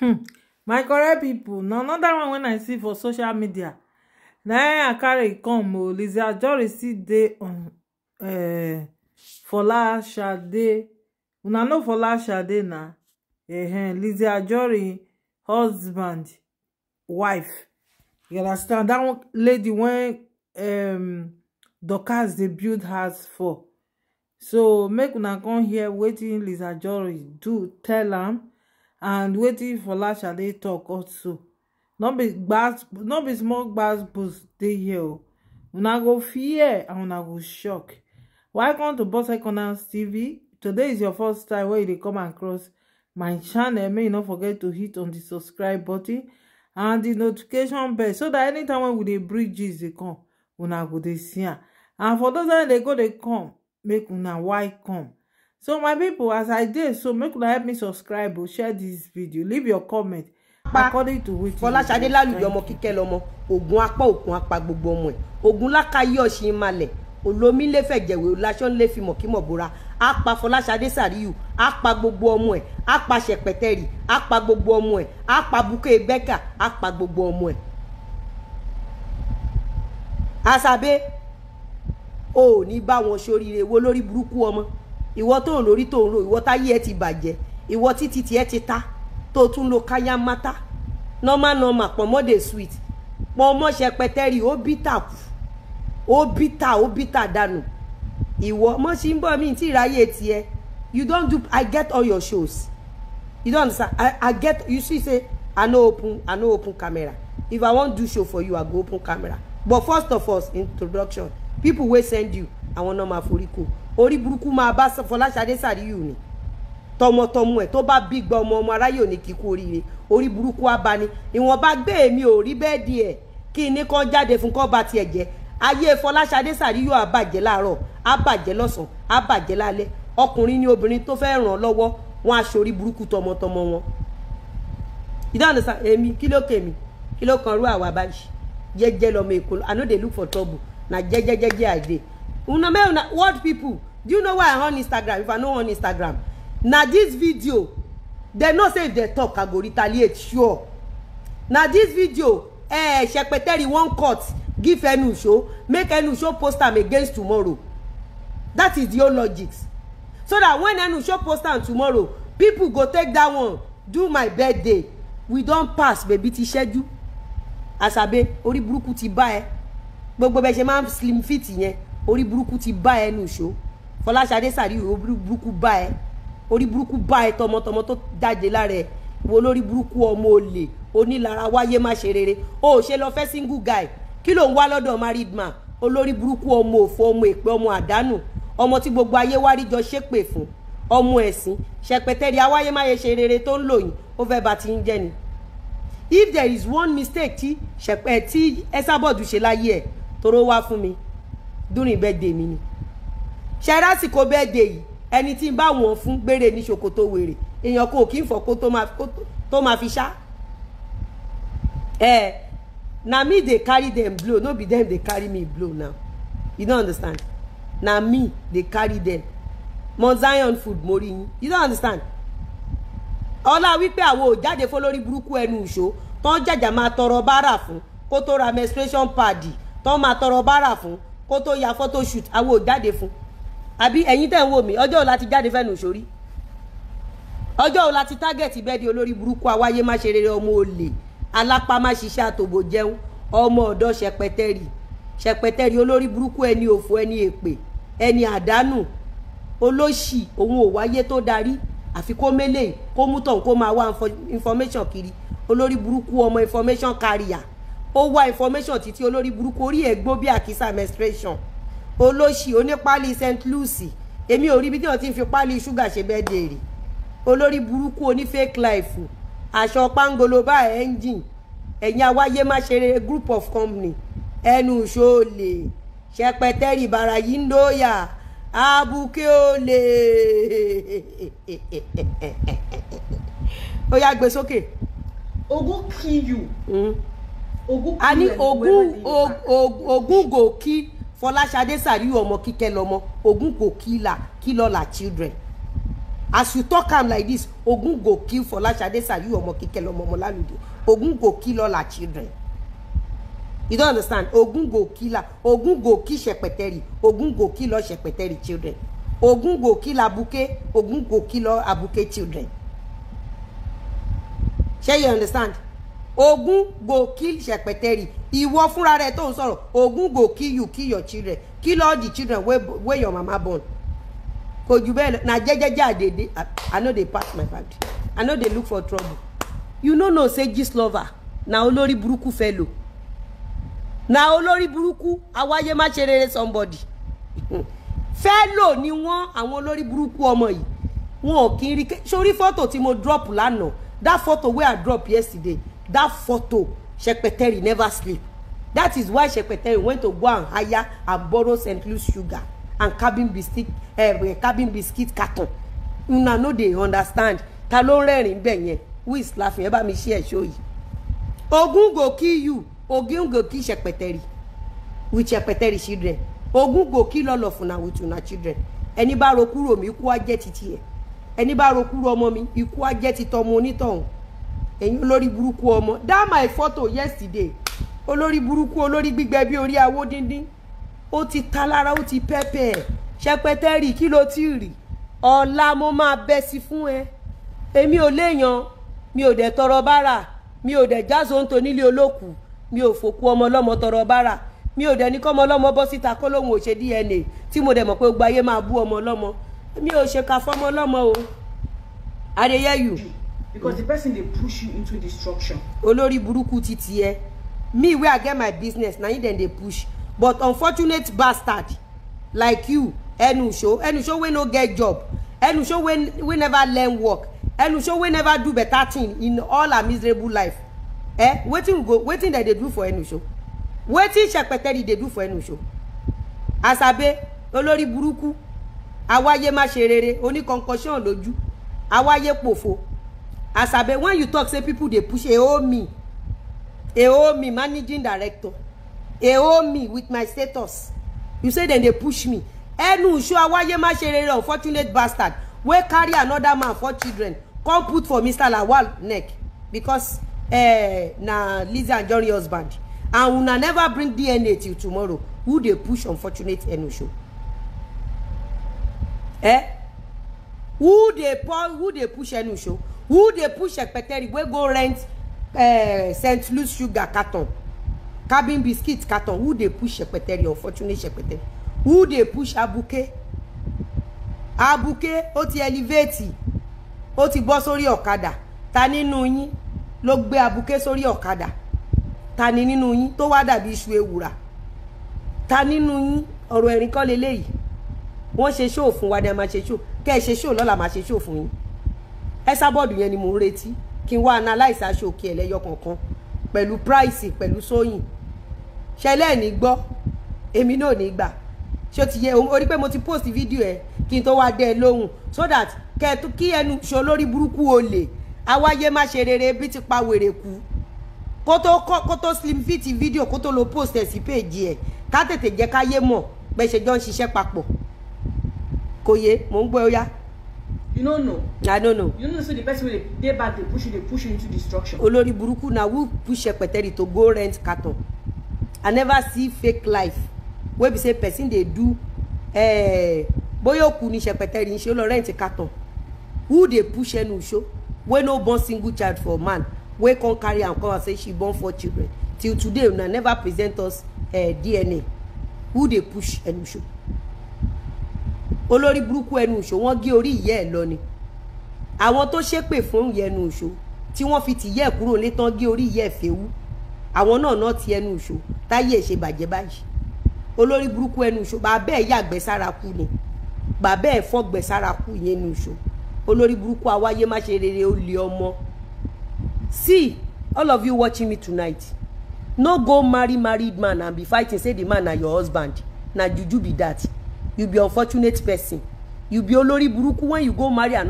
hmm my correct pipo na anoda one wen i see for social media na i carry e come o oh, lizzie ajori still dey on eh fola shade una know fola shade na eh lizzie ajori husband wife you understand dat one lady wen um dorcas dey build house for so make una come hear wetin lizzie ajori do tell am and wetin fola shade talk also no be bad, be small bad. boost they hear. o una go fear and una go shock welcome to boss corners tv today is your first time where you dey come across my channel May you not forget to hit on the subscribe button and the notification bell so that anytime when we dey bring gist dey come una go dey see and for those that dey go dey come make una why come so my people, as i did, so make una help me subscribe or oh, share this video leave your comment according to which fọláṣadé lálùyọ ọmọ kíkẹ lọmọ ogun apá òkun apá gbogbo ọmọ ẹ ogun lákàyè ọṣìn malẹ olómi lè fẹjẹwé oláṣọ lè fi mọkímọ bora á pa fọláṣadé sàríyù á pa gbogbo ọmọ ẹ á pa ṣẹpẹtẹrì á pa gbogbo ọmọ ẹ á pa buké bẹkà á pa gbogbo ọmọ ẹ. àṣàbẹ ò ní bá wọn ṣoríire wo lórí burúkú ọmọ ìwọ tó ń lórí tó ń ro ìwọ táyé ẹ ti bàjẹ́ ìwọ títí tiẹ̀ ti ta tó tún lo káyà mátá normal normal pọ̀nmọ́dé sweet pọ̀nmọ́sẹ̀ pẹtẹ́rì ó bí tà kù ó bí tà ó bí tà dànù ìwọ mo ṣì ń bọ̀ mí tí ìráyè tiẹ̀ you don do i get all your shows you don understand i i get you see say i no open i no open camera if i wan do show for you i go open camera but first of all introduction people wey send you àwọn náà máa forí kò orí burúkú máa bá Fọláṣadé Sàríyù ni tọmọtọmọ ẹ tó bá bí gba ọmọ ọmọ aráyè òní kíkú oríire orí burúkú abani ìwọ̀n bá gbé èmi ò rí bẹ́ẹ̀ di ẹ̀ kí ni kan jáde fún kọ́ bá tiẹ̀ jẹ́ ayé Fọláṣadé Sàríyù àbàjẹ́ láàárọ̀ àbàjẹ́ lọ́sàn-án àbàjẹ́ lálẹ́ ọkùnrin ni obìnrin tó fẹ́ ràn lọ́wọ́ wọn aṣọ orí burúkú tọmọtọmọ wọn ìdáhùn sa èmi kí ló kè kí ló kan rú àwa báyìí jẹ́jẹ́ lọmọ èkó i no dey look for trouble na jẹ́jẹ́jẹ́jẹ́ i una make una what people do you know why i on instagram if i no on instagram na this video dem know say if dem talk i go retaliate sure na this video eh, shepeteri wan cut give enusho make enusho post am against tomorrow that is the whole logic so that when enusho post am tomorrow people go take that one do my birthday we don pass baby ti ṣẹ́jú àṣàbẹ̀ orí burúkú ti bá ẹ gbogbo bẹ ṣe máa slim fit yẹn orí burúkú ti bá ẹ nù ṣó Fọláṣadé Sàríù orí burúkú bá ẹ orí burúkú bá ẹ tọmọtọmọ tó jáde lára ẹ wo lórí burúkú ọmọ olè onílara wáyé má ṣe rere o ò ṣe lọ fẹ́ single guy kí ló ń wá lọ́dọ̀ married man olórí burúkú ọmọ òfò ọmọ èpè ọmọ àdánù ọmọ tí gbogbo ayé wá ríjọ ṣépè fún ọmọ ẹ̀sìn ṣẹpẹtẹ́rì awáyé má yẹ ṣe rere tó ń lò yín ó fẹ́ bá ti ń jẹ́ ni if there is one mistake tí ṣẹpẹ eh, tí ẹsàbọ̀dù ṣe láyé ẹ̀ tóró wá fún mi during birthday mi ni ṣe lásìkò birthday yìí ẹni tí ń bá wọn fún gbére ní ṣòkòtò wèrè èèyàn kò kí n fọ kó tó máa fi ṣá ẹ eh, na me dey carry dem blow no be dem dey carry me blow now you don understand na me dey carry dem mount zion food mori yin you don understand ọlá wípé àwọn ò jáde fọlórí burúkú ẹnu ìṣó tán jàjà máa tọrọ bárà fún kó tó ra menstruation pad tán máa tọrọ bárà fún kó tó ya photo shoot àwọn ò jáde fún àbí ẹ̀yin tẹ̀ ń wò mí ọjọ́ òla ti jáde fẹ́nu sórí ọjọ́ òla ti tágẹ̀tì bẹ́ẹ̀ di olórí burúkú awáyé má ṣe rere ọmọ olè alápá má ṣiṣẹ́ àtòbò jẹun ọmọ ọ̀dọ́ ṣẹpẹtẹ́rì ṣẹpẹtẹ́rì olórí burúkú ẹni òfò ẹni èpè ẹni àdánù olóṣì òun ò wáyé tó darí àfi kó mélèé kó mú tọ̀hún kó máa wá information kiri olórí burúkú ọmọ information carrier ó wá information títí olórí burúkú orí ẹ̀gbó bí àkísà menstruation olóṣì onípálí st lucy èmi ò rí ibi tí wọ́n ti ń fi pálí ṣúgà ṣe bẹ́ẹ̀ dèrè olórí burúkú oní fake life aṣọ pangoloba engine ẹ̀yin awáyé má ṣeré group of company ẹnu ṣòlè ṣẹpẹtẹrì bàrà yìí ń dóyà abuké olè ó yá gbé sókè. ogun kill you. Mm -hmm ogun a ní Ògúngòkí Fọláṣadé Sàríù ọmọ kíkẹ́ lọmọ Ògúngòkí là kí lọ́la children as you talk am like this ogun go Ògúngòkí Fọláṣadé Sàríù ọmọ kíkẹ́ lọmọ Ọmọlálùdé Ògúngòkí lọ́la children you don't understand Ogun Ogun go go Ògúngòkí là Ogun go Ògúngòkí lọ Ṣẹ̀pẹ̀tẹ̀rì children Ogun go Ògúngòkí là abuké Ògúngòkí lọ abuké children shey you understand ogun go kill sepeteri ìwọ fúnra rẹ tó ń sọ̀rọ̀ ogun go kill you kill your children kill all the children wey wey your mama born kò jù na jẹ́jẹ́jẹ́ i dey i no dey pass my family i no dey look for trouble you no know say gist lover na olórí burúkú fellow na olórí burúkú awáyé má ṣe rere somebody fellow ni wọ́n àwọn olórí burúkú ọmọ yìí wọn ò kí n rí sórí fọ́tò tí mo drop lánàá that photo wey i drop yesterday that photo Shekpeteri never sleep that is why Shekpeteri went to go and hire and borrow St. Louis sugar and cabin biscuit uh, cabin biscuit carton una no dey understand ta ló ń rẹ́rìn bẹ̀ yẹn who is laughing ẹ bá mi ṣe ẹ̀ṣọ́ yìí ogun go kill you ogun go kill Shekpeteri with Shekpeteri children ogun go kill all of una with una children ẹni bá ro kúrò mi ikú á jẹ́ titi ẹ̀ ẹni bá ro kúrò ọmọ mi ikú á jẹ́ titọ́ ọmọ onítọ̀hún ẹ̀yin olórí burúkú ọmọ that my photo yesterday olórí burúkú olórí gbígbẹ bí orí awó díndín ó ti ta lára ó ti pẹ́pẹ́ ẹ̀ ṣẹpẹtẹ́rì kí ló ti rì ọ̀la mo máa bẹ sí fún ẹ èmi ò léèyàn mi ò dẹ̀ tọrọ bára mi ò dẹ̀ jáso ń tonílé olóòkú mi ò fòkú ọmọ ọlọ́mọ tọrọ bára mi ò dẹ̀ ní kọ́mọ ọlọ́mọ bọ́ síta kó lóun ò ṣe DNA tí mo dẹ̀ mọ̀ pé gbogbo ayé máa bú ọmọ ọlọ́mọ mi ò ṣèkà fọ́mọ ọlọ́mọ o adeyẹyù because the person dey push you into destruction. Olori buruku ti tiẹ̀ me wey i get my business na you dem dey push but unfortunate bastard like you enuso enuso wey no get job enuso wey wey never learn work enuso wey never do better thing in all her miserable life eh wetin we go wetin dem dey do for enuso wetin sepeteri dey do for enuso asabe olórí burúkú awáyé má ṣe rere oníkọ̀ǹkọ̀ṣán lójú awáyé pòfo As I asabe when you talk say people dey push oh, me, eomi oh, me managing director oh, me with my status you say dem dey push me ẹnu iṣu awaye má ṣe rere unfortunate bastard wey carry another man four children come put for mr lawal neck because eh, na lizzie anjorin husband and una never bring dna till tomorrow who dey push unfortunate Enu show? eh who dey who dey push enusho who dey push ekpeteri wey go rent uh, eh, st louis sugar carton cabin biscuit carton who dey push ekpeteri unfortunate ekpeteri who dey push abuke abuke ó ti elevate ó ti bọ́ sórí ọ̀kadà ta nínú yín ló gbé abuké sórí ọ̀kadà ta ni nínú yín tó wá dàbí iṣu ewùrà ta nínú yín ọ̀rọ̀ ẹ̀rín kọ́ leléyìí wọ́n ṣe ṣóò fún wa ni a máa ṣe ṣóò kẹ́ ẹ ṣe ṣóò lọ́la máa ṣe ṣóò fún yín ẹsàbọọdù yẹn ni mò ń retí kí n wá analyse aṣọ òkè ẹlẹyọ kọ̀ọ̀kan pẹ̀lú price pẹ̀lú sóyìn ṣẹlẹ̀ ní gbọ́ èmi náà ní gbà ṣé o ti yẹ orí pé mo ti post fídíò ẹ kí n tó wá dẹ lóhùn so that kẹtù kí ẹnu ṣo lórí burúkú olè awáyé má ṣe rere bí ti pa wèrè kú kó tó kó tó slim fit fídíò kó tó lo post ẹ sí péèjì ẹ ká tètè jẹ́ káyé mọ̀ bẹ́ẹ̀ ṣe jọ ń ṣiṣẹ́ papọ̀ kò yé mò ń gbọ́ ó yá you no know. i no know. you know say the person wey dey back dey push you dey push you into destruction. Olori buruku na who push sepeteri to go rent carton i never see fake life wey be say person dey do eh, bóyá òkú ni sepeteri ṣe lọ rent carton who dey push ẹnu ṣo wey no born single child for man wey con carry am come and say she born four children till today una never present us uh, eh, dna who dey push ẹnu ṣo olórí burúkú ẹnu ìṣó wọ́n gé orí ìyá ẹ̀ lọ ni àwọn tó ṣépè fún ìyá ẹnu ìṣó tí wọ́n fi tìyẹ́ ẹ̀ kúrò létán gé orí ìyá ẹ̀ fẹ́wú àwọn náà náà ti ẹnu ìṣó táyé ẹ̀ ṣe bàjẹ́ báyìí olórí burúkú ẹnu ìṣó bàbá ẹ̀ yàgbẹ́ sára kú ni bàbá ẹ̀ fọ́gbẹ́ sára kú ìyẹn ẹnu ìṣó olórí burúkú awáyé má ṣe rere ó lè ọmọ see all of you watching me tonight no go marry married man and be fighting say the man na your husband na juju be that you be unfortunate person you be olori buruku when you go marry another.